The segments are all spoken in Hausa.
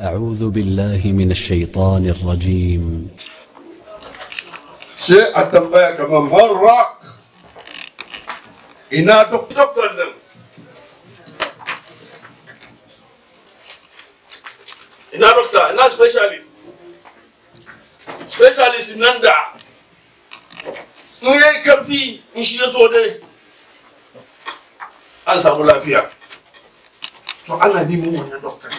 أعوذ بالله من الشيطان الرجيم سي أتم بيك من هرق إنا تقتب فلن إنا دكتور إنا سبيشاليست سبيشاليست نندع نوي كرفي نشي يزودي أنسى ملافيا تو أنا نمو من دكتور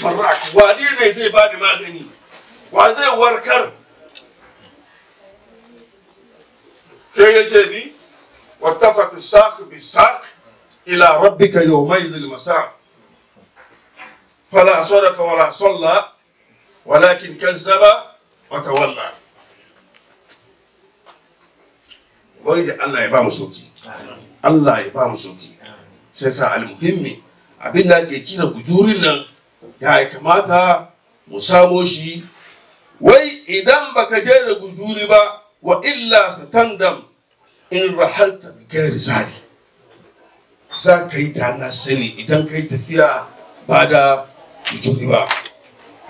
farrak wane ne zai bani magani wa zai warkar sai ya ce ni wattafat saq bi saq ila rabbika yawmayz al masa fala sadaqa wala salla walakin kazzaba wa tawalla wai Allah ya ba mu soki Allah ya ba mu soki sai sa almuhimmi abin da ake kira gujurin nan ya kamata mu samo shi wai idan baka je da guzuri ba wa illa satandam in rahalta bi gairi zari za ka yi da na sani idan ka yi tafiya ba da guzuri ba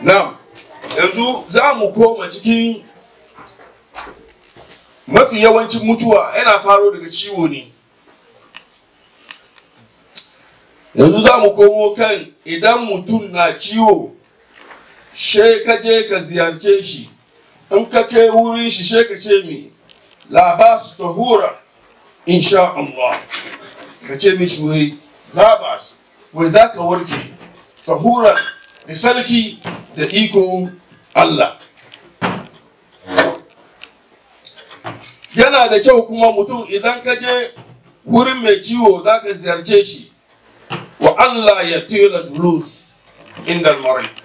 nam yanzu za mu koma cikin mafi yawancin mutuwa yana faro daga ciwo ne yanzu za mu komo kan idan mutum na ciwo she ka je ka ziyarce shi in ka kai wurin shi she ka ce mi labas tahura insha Allah ka ce mi shi labas wai za ka warke tahura da sarki da iko Allah yana da kyau kuma mutum idan ka je wurin mai ciwo za ka ziyarce shi Allah ya tela julus inda marid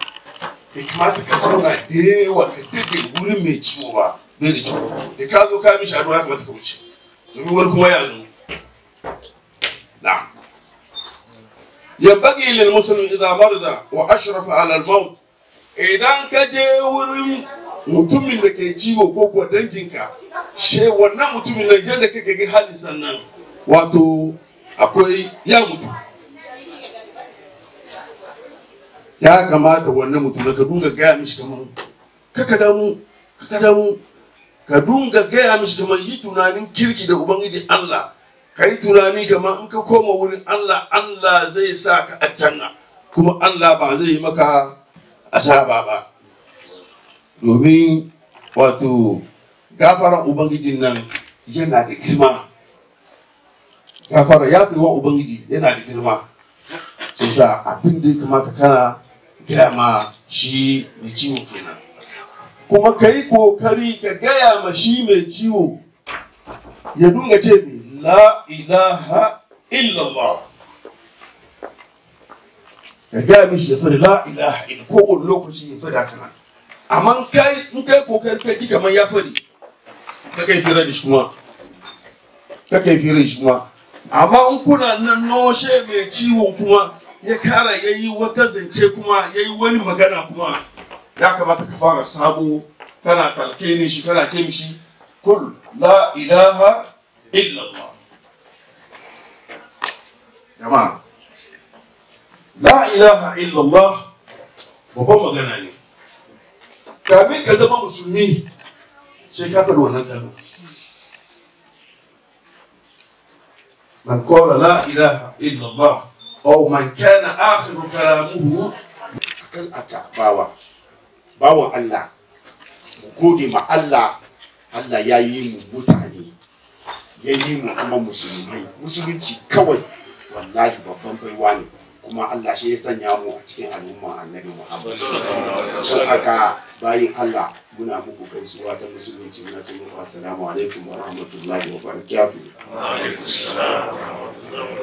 bai kamata ka zauna da yawa ka daɗe wurin mai ciwo ba bai da ciwo da ka zo ka mishi addu'a ya kamata ka wuce domin wani kuma ya zo na ينبغي wa إذا مرض alal maut idan ka je wurin mutumin da ke ciwo ko kuwa danjinka she wannan mutumin da ke kake ga halin sannan wato akwai ya mutu ya kamata wannan mutum ka dunga gaya mishi kamar kaka damu kaka damu ka dunga gaya mishi kamar yi tunanin kirki da ubangiji Allah ka yi tunani kamar in ka koma wurin Allah Allah zai sa ka a kuma Allah ba zai yi maka asaba ba domin wato gafaran ubangijin nan yana da girma gafara ya fi wa ubangiji yana da girma sai sa abin da ya kamata kana gaya ma shi mai ciwo kenan kuma ka yi kokari ka gaya ma shi mai ciwo ya dunga ce la ilaha illallah ka gaya mishi ya fari la ilaha illallah wani lokaci ya fari kana amma kai in kai kokari kai ji kamar ya fari ka kai fira da shi kuma ka kai fira da shi kuma amma in kuna nan noshe mai ciwon kuma ya kara ya yi wata zance kuma ya yi wani magana kuma ya kamata ka fara sabo kana talkinin shi kana ce mishi kul la ilaha illallah jama'a la ilaha illallah babban magana ne kamin ka zama musulmi sai ka faɗi wannan kalmar man qala la ilaha illallah aw man kana akhiru kalamuhu akan aka bawa bawan Allah mu gode ma Allah Allah ya yi mu mutane ya yi mu kuma musulmai musulunci kawai wallahi babban baiwa ne kuma Allah shi ya sanya mu a cikin al'umma annabi Muhammad. Sun haka bayin Allah muna muku gaisuwa ta musulunci na ce muku assalamu alaikum wa rahmatullahi wa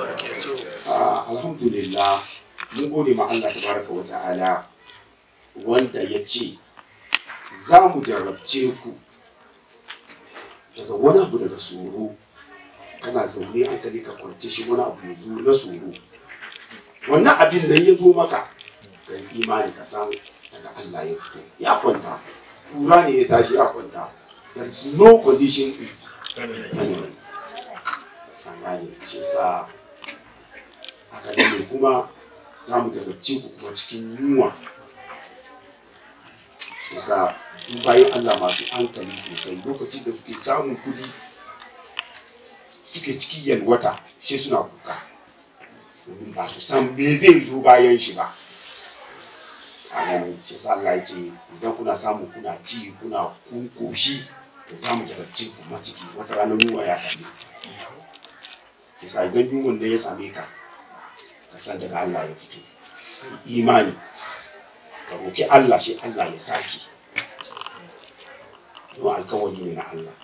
barakatu ah, alhamdulillah mun gode ma Allah tabaraka wa ta'ala wanda ya ce za mu jarabce ku daga wani abu daga tsoro kana zaune an kani ka kwance shi wani abu yanzu na tsoro wannan abin nan ya zo maka ka imani ka samu daga Allah ya fito ya kwanta kura ne ya tashi a kwanta there is no condition is permanent sa aka ne kuma za mu garabci ku kuma cikin yunwa shi sa bayan Allah masu hankali sosai lokacin da suke samun kudi suke ciki yalwata shi suna kuka domin ba su san me zai zo bayan shi ba anan shi sa Allah ya ce idan kuna samu kuna ci kuna kunkushi to za mu jarabce ku ma ciki wata ranar nuna ya same ku shi sa idan yunwan da ya same ka ka san daga Allah ya fito imani ka roki Allah shi Allah ya saki don alkawari ne na Allah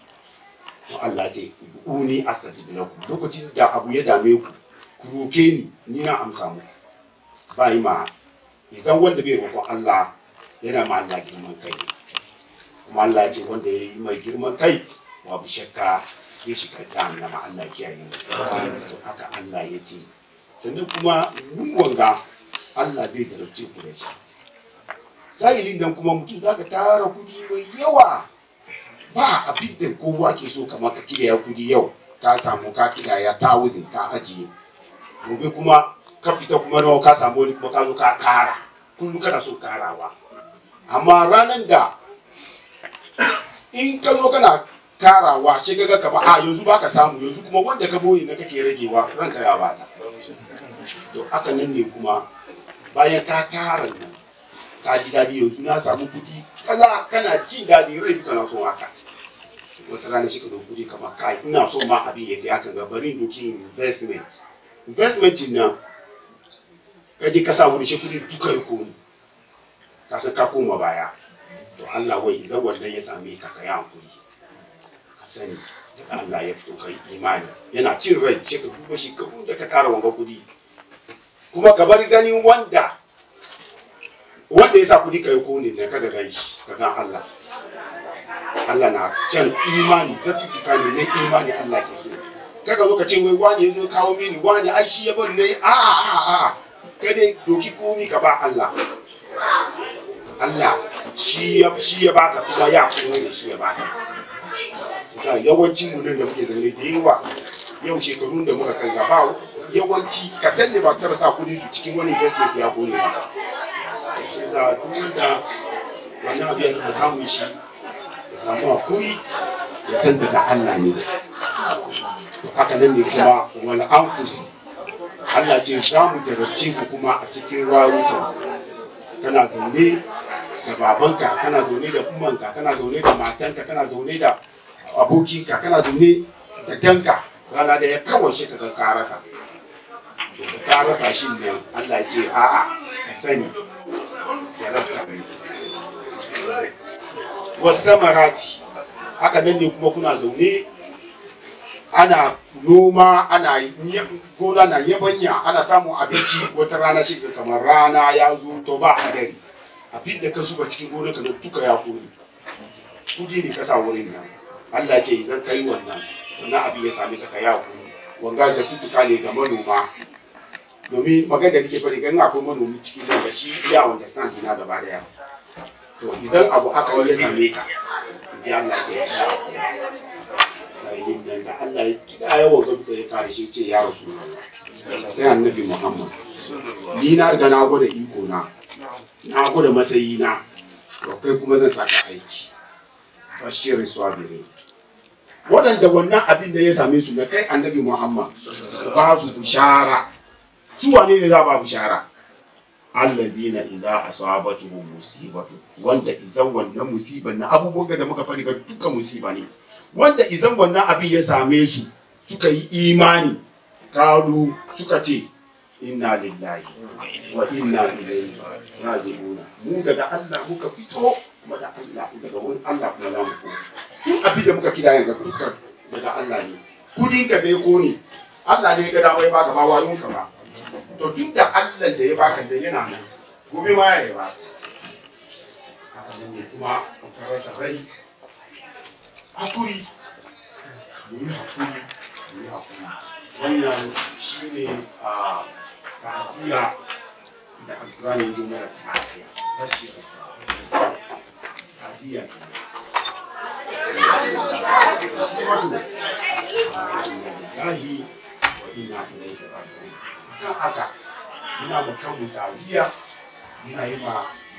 don Allah ce uni astajib lakum lokacin da abu ya dame ku ku roke ni ni na amsa muku ba yi ma izan wanda bai roƙon Allah yana ma Allah girman kai kuma Allah ya ce wanda ya yi mai girman kai babu shakka zai shiga jahannama Allah kiyaye mu haka Allah ya ce sannan kuma yunwan ga Allah zai jarabce ku da shi sahilin dan kuma mutum zaka tara kudi mai yawa ba abin da kowa ke so kamar ka kidaya kudi yau ka samu ka kidaya ta wuzin ka ajiye gobe kuma ka fita kuma nawa ka samu wani kuma ka zo ka kara kullum kana so karawa amma ranar da in ka zo kana karawa shi kaga kama a ah, yanzu ba ka samu yanzu kuma wanda ka boye na kake ragewa ranka ya bata to aka nan ne kuma bayan ka tara nan ka ji daɗi yanzu na samu kuɗi kaza kana jin daɗi rai duka na son haka wata rana shi ka zo kuɗi kama kai ina so ma abin ya fi haka ga bari doki investment investment nan ka je ka sa wuri kudi duka ya komi ka san ka koma baya to Allah wai idan wannan ya same ka ka yi hankuri ka sani daga Allah ya fito kai imani yana cin rai shi ka duba shi kabun da ka tara wanga kudi kuma ka bar gani wanda wanda ya sa kudi ka ko komi ne ka ga gani ka ga Allah Allah na can imani zatutuka ne ne imani Allah ke so kaga lokacin wai wani ya zo kawo mini wani ai shi ya bari ne a a a a kada doki kuni ka ba Allah Allah shi ya shi ya baka kuma ya kuma da shi ya baka sa yawancin mu nan da muke zaune da yawa yau shekarun da muka kan gaba yawanci ka danne ba tara sa kuɗi su cikin wani investment ya gone ba shi sa duk da wani abu ya taɓa samun shi ya samu hakuri ya san daga Allah ne haka nan ne kuma wani amfusi Allah ce za mu ka ku kuma a cikin rayuka kana zaune da babanka kana zaune da kumanka kana zaune da matanka kana zaune da abokinka kana zaune da danka rana da ya kawai shi ka rasa to da ka shi ne Allah ce a'a ka sani jarabta ne samarati haka nan ne kuma kuna zaune ana noma ana gona na yabanya ana samun abinci wata rana shi kamar rana ya zo to ba hadari abin da ka zuba cikin gona ka tuka ya kone kudi ne ka sa wurin nan Allah ce zan kai wannan wannan abin ya sami ka ya kore wanga tuka ne ga manoma domin magana da nake fari ina akwai manomi cikin nan da shi ya wanda stand ina gaba ya to idan abu aka wani ya same ka ya ji Allah ce sa'idin nan da Allah ya kida yawa ya kare shi ce ya rasu sai annabi Muhammad ni na riga na gwada iko na na gwada matsayi na to kai kuma zan saka aiki bashir swabiri waɗanda wannan abin da ya same su na kai annabi Muhammad ba su bishara su wane ne za ba bishara allazina iza asabatuhum musibatu wanda izan wannan musiba na abubuwan da muka fari ga duka musiba ne wanda izan wannan abin ya same su suka yi imani kalu suka ce inna lillahi wa inna ilaihi raji'un mu daga Allah muka fito kuma da Allah daga wani Allah kuma za mu fito in abin da muka kira yanzu duka daga Allah ne kudin ka bai ko ne Allah ne ga dama ya baka ba warin ka ba to tun da Allah da ya baka da yana nan gobe ma ya yi ba haka ne kuma ka rasa rai hakuri mu yi hakuri mu yi hakuri wannan shi ne a taziya da alkurani ne zo mara lafiya rashin kaziya ke Allahi wa ina ilaihi raji'un kan haka muna ma kanmu taziya muna yi ma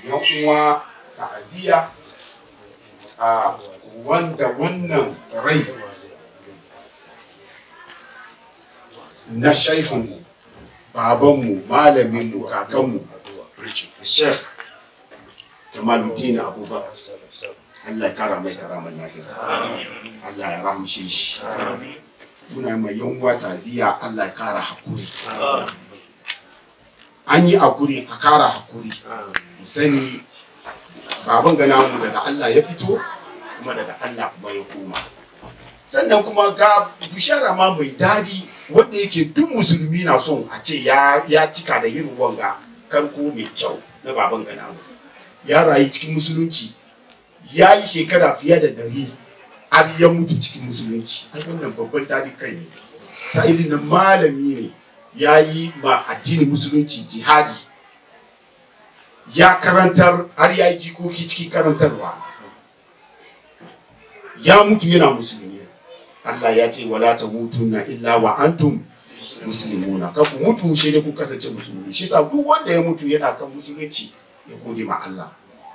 yan uwa ta'aziyya a wanda wannan rai na shaikhunmu babanmu malaminmu kakanmu sheikh kamaluddin abubakar allah ya kara mai karamar lahira allah ya rahamshe shi muna mai yanwa taziya allah ya kara hakuri an yi hakuri a kara hakuri sani baban gana daga allah ya fito kuma daga Allah kuma ya koma sannan kuma ga bishara ma mai dadi wanda yake duk musulmi na son a ce ya cika da yin wanga karko mai kyau na baban ganamu ya rayu cikin musulunci ya yi shekara fiye da dari har ya mutu cikin musulunci ai wannan babban dadi kai ne sa'ili na malami ne ya yi ma addinin musulunci jihadi ya karantar har ya yi jikoki cikin karantarwa ya mutu yana musulmi Allah ya ce wala ta mutu na illa wa antum muslimuna ka ku mutu shi ne ku kasance musulmi shi sa duk wanda ya mutu yana kan musulunci ya gode ma Allah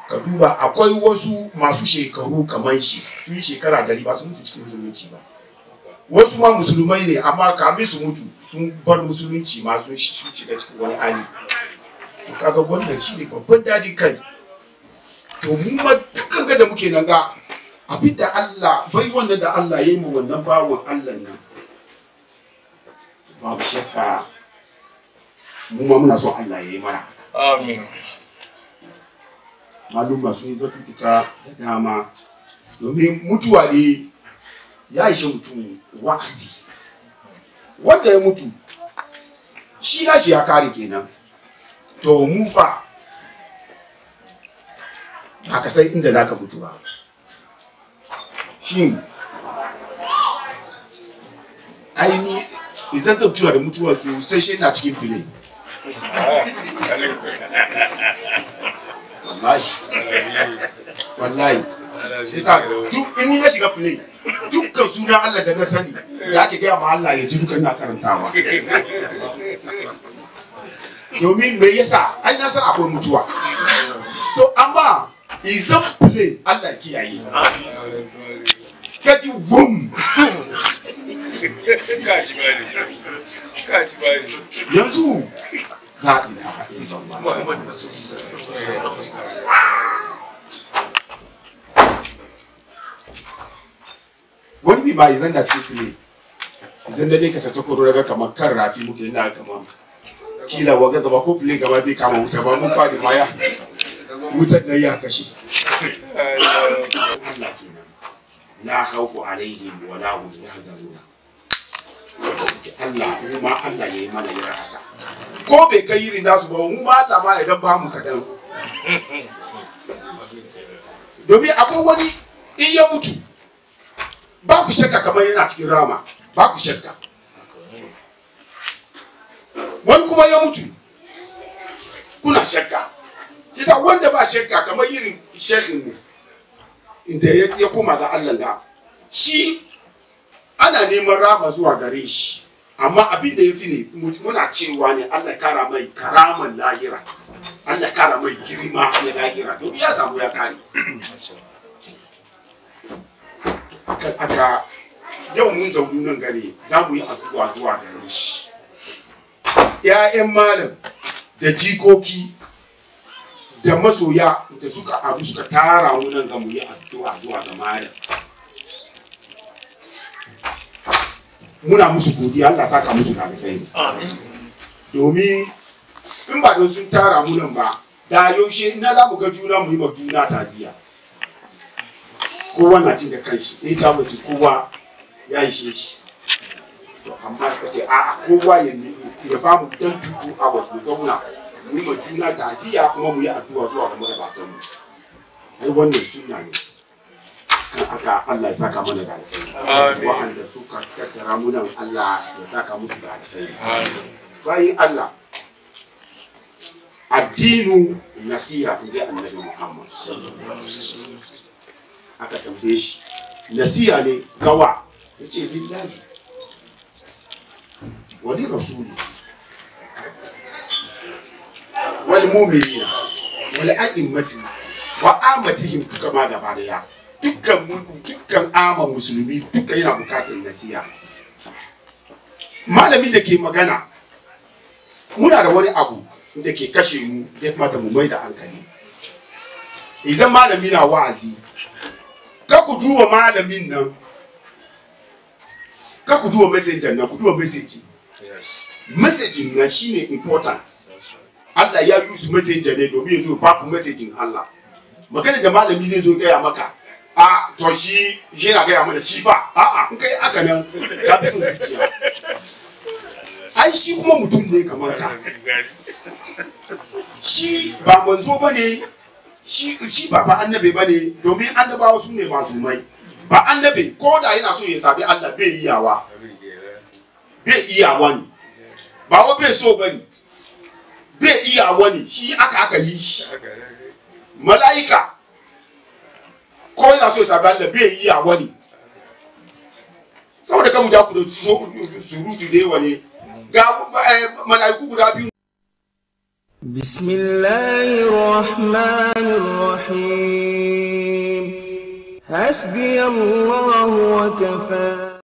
ka duba akwai wasu masu shekaru kamar shi sun shekara dari ba su mutu cikin musulunci ba wasu ma musulmai ne amma kamin su mutu sun bar musulunci ma sun shiga cikin wani hali to kaga wannan shi ne babban dadi kai to mu ma dukkan da muke nan ga abin da Allah bai wanda da Allah ya yi ma wannan bawon Allah nan babu shakka mu ma muna son Allah ya yi mana amin malum masu yi zartuka da dama domin mutuwa ne ya ishe mutum wa'azi wanda ya mutu shi na shi ya kare kenan to mufa fa ba ka san inda za ka mutu ba shin aini tuwa da mutuwa sosai shi na cikin fili wallahi wallahi shi sa duk in na shiga fili dukkan sunan Allah da na sani da ake gaya ma Allah ya ji dukkan na karantawa domin me yasa ai na san akwai mutuwa to amma izan fili Allah kiyaye Get you wum. Yanzu Wani bi ma izan da ce fili. Izan da dai ka tafi koro daga kamar kan rafi muke ina kamar kila waga gaba ko fili gaba zai kama wuta ba mun fadi maya. Wutar da ya kashe. la khawfu alaihim wa la hum yahzanun Allah mu ma Allah yayi mana yira haka ko bai kai irin nasu ba mu ma Allah ma idan ba mu kadan domin akwai wani in ya mutu ba ku shakka kamar yana cikin rama ba ku shakka wani kuma ya mutu kuna shakka kisa wanda ba shakka kamar irin shekhin mu da ya koma ga Allah da shi ana neman rama zuwa gare shi amma abin da ya fi ne muna cewa ne Allah kara mai karaman lahira Allah kara mai girma na lahira domin ya samu ya kare aka yau mun zaunu nan gare za mu yi addu'a zuwa gare shi ‘ya'yan malam da jikoki da masoya da suka abu suka tara mu nan ga mu addu'a zuwa ga malam muna musu godiya Allah saka musu da kai domin in ba don sun tara mu nan ba da yaushe ina za mu ga juna mu yi ma juna taziya kowa na cin da kanshi eh ta ci kowa ya yi shi to amma suka ce a'a kowa ya ya mu dan tutu a wasu zauna mu ma juna ya kuma mu yi addu'a zuwa ga magabatan mu ai wannan sunna ne kan aka Allah ya saka mana da alkhairi wa'anda suka tattara mu nan Allah ya saka musu da alkhairi bayin Allah addinu nasiha in ji annabi Muhammad aka tambaye shi nasiha ne gawa ya ce lillahi wali rasuli wal mu'minina wal a'immati wa amatihim duka ma ama musulmi duka yana bukatar nasiha malamin dake magana muna da wani abu kashe mu ya da hankali idan malami wa'azi ka ku duba nan message important Allah ya use messenger ne domin ya zo ba ku messaging Allah magana da malami zai zo gaya maka a to shi yana gaya mana shi fa a'a in kai aka nan ka fi son zuciya ai shi kuma mutum ne kamar ka shi ba manzo ba ne shi shi ba ba annabi ba ne domin annabawa su ne masu mai ba annabi ko da yana so ya sabi Allah bai iyawa bai iyawa ne ba wa bai so ba ne bai iya wani shi aka aka yi shi mala'ika ko yana so ya sami Allah iya wani saboda kan ja ku da surutu da yawa ne ga mala'iku guda biyu بسم الله الرحمن الرحيم حسبي الله وكفى